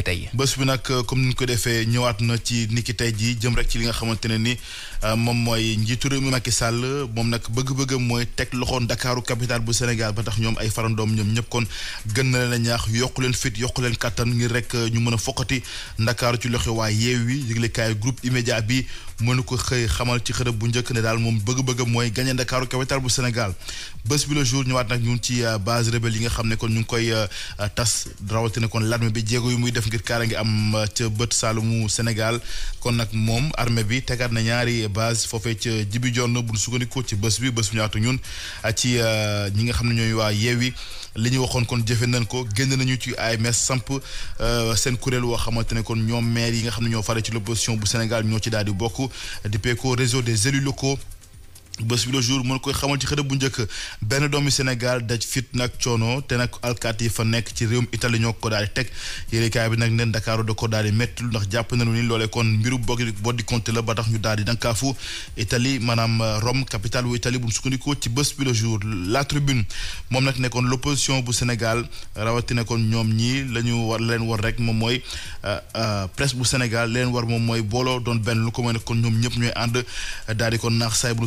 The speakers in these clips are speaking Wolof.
tey bés bi nag euh, comme ni ñu ko defee ñëwaat na ci niki tey jii jëm rek ci li nga xamante ne ni euh, moom mooy njiitu réew mi Macky Sall moom nag bëgg-bëggam mooy teg loxoon ndakaaru capital bu senegal ba tax ñoom ay farandoom ñoom ñëpp kon gën na leen a ñax yokku leen fit yokku leen kàttan ngir rek euh, ñu mën a fokkati Ndakaaru ci loxo waa yeew wi yëglekaay groupe immédiat bi mënu ko xëy xamal ci xërëb bu njëkk ne daal moom bëgg-bëgg mooy gagné Ndakaaru kawetal bu Sénégal bés bi la jour ñëwaat nag ñun ci euh, base rebelle yi nga xam ne kon ñu ngi koy euh, tas rawatina kon l'armée bi jéego yi muy def ngir ngi am euh, ca bët saalumu Sénégal kon nag moom armée bi tegaat na ñaari base foofee ca Djibidione bu ñu sukkandikoo ci bés bi bés bu ñëwaatu ñun ci ñi nga xam ne ñooy waa Yewwi li ñu waxoon kon jëfe nañ ko génn nañu ci ay AMS samp euh, seen kuréel woo xamante ne kon ñoom maire yi nga xam ne ñoo fare ci l'opposition bu Sénégal ñoo ci daal di bokk di peeko réseau des élus locaux bés bi le jour mën koy xamal ci xëy bu njëkk benn doomi Sénégal daj fit nag coono te nag alkaati yi fa nekk ci réewum Italie ñoo ko daal di teg yéenekaay bi nag neen Dakar da ko daal di métti ndax jàpp nañu ni loolee kon mbiru bokk boo di compte la ba tax ñu daal di dankaafu Italie maanaam euh, Rome capitale bu Italie bu mu sukkandikoo ci bés bi le jour la tribune moom nag nekkoon l'opposition bu Sénégal rawati kon ñoom ñii la ñu war leen war rek moom mooy euh, euh, presse bu Sénégal leen war moom mooy booloo doon benn lu ko mooy ne kon ñoom ñëpp ñooy ànd daal di kon naax saay bu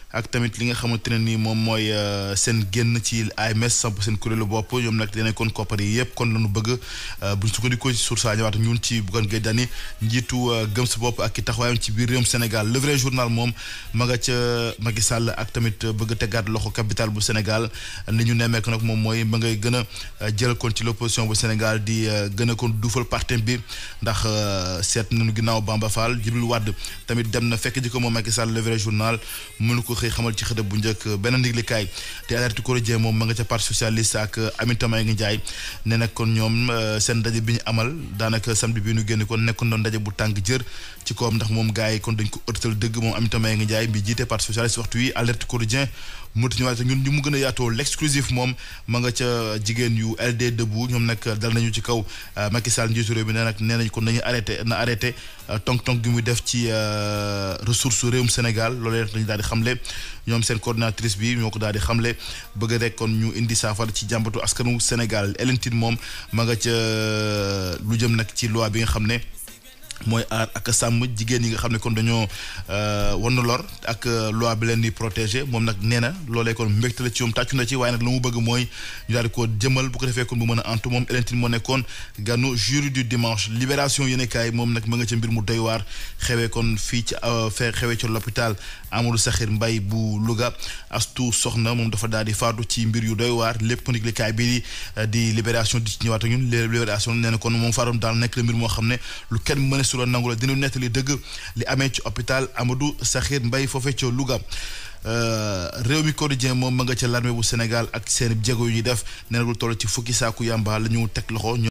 ak tamit li nga xamante ne ni moom mooy euh, seen génn ci AMS samp seen kuréelu bopp ñoom nag ne kon koppar yi yëpp kon lañu bëgg euh, bu ñu ci source a ñëwaat ñun ci Bougane Gueye Dany njiitu euh, gëm sa bopp ak i taxawaayam ci biir réewum Sénégal le vrai journal moom ma ca Macky Sall ak tamit bëgg tegaat loxo capital bu Sénégal li ñu nemmeeku nag moom mooy ma ngay gën a jël kon ci l'opposition bu Sénégal di gën a kon duufal parti bi ndax seet nañu ginnaaw Bamba Fall Jibril tamit dem na fekk ji ko moom Macky Sall le vrai journal ko xëy xamal ci xëdëb bu njëkk beneen liglikaay te alerte Quotidien moom ma nga ca parti socialiste ak euh, Aminata Mbengue Ndiaye ne nag kon ñoom euh, seen ndaje bi ñu amal daanaka samedi bi ñu génn kon nekkoon doon ndaje bu tàng jër ci kawam ndax moom gars yi kon dañ ko ërtal dëgg moom Aminata Mbengue Ndiaye bi jiite parti socialiste waxtu wi alerte Quotidien muti ñu waate ñun ñu nga ca jigéen yu LD debout ñoom nag dal nañu ci kaw euh, Macky Sall njiitu réew bi ne nag nee nañ kon nañu arrêté na arrêté tonk tonk gi muy def ci ressource réewum Sénégal loolu dañu daal di xamle ñoom seen coordinatrice bi ñoo ko daal di xamle bëgg rek kon ñu indi saafara ci jàmbatu askanu Sénégal Elentine moom ma nga ca lu jëm nag ci loi bi nga xam ne mooy aar ak sàmm jigéen yi nga xam ne kon dañoo euh, wan lor ak euh, loi bi leen di protéger moom nag nee na loolee kon mbégte la ci moom tàccu na ci waaye nag lu mu bëgg mooy ñu daal di ko jëmal bu ko defee kon bu mën a antu moom Elentine moo nekkoon ganu jury du dimanche libération yene yéenekaay moom nag ma nga ca mbir mu doy waar xewee kon fii ci euh, fe xewee ci l'hôpital Amadou Sakhir Mbaye bu Louga astu soxna moom dafa daal di faatu ci mbir yu doy waar lépp kon yéenekaay bi di libération di ci ñëwaat ñun libération nee na kon moom faatoom daal nekk la mbir moo xam ne lu kenn mën su doon nangu la dinu nettali dëgg li amee ci hôpital Amadou Sakhir Mbaye foofe ca Louga euh, réew mi quotidien moom ma nga ca l'armée bu Sénégal ak seen jéego yu ñuy def nee toll ci fukki saaku yàmba la ñu teg loxo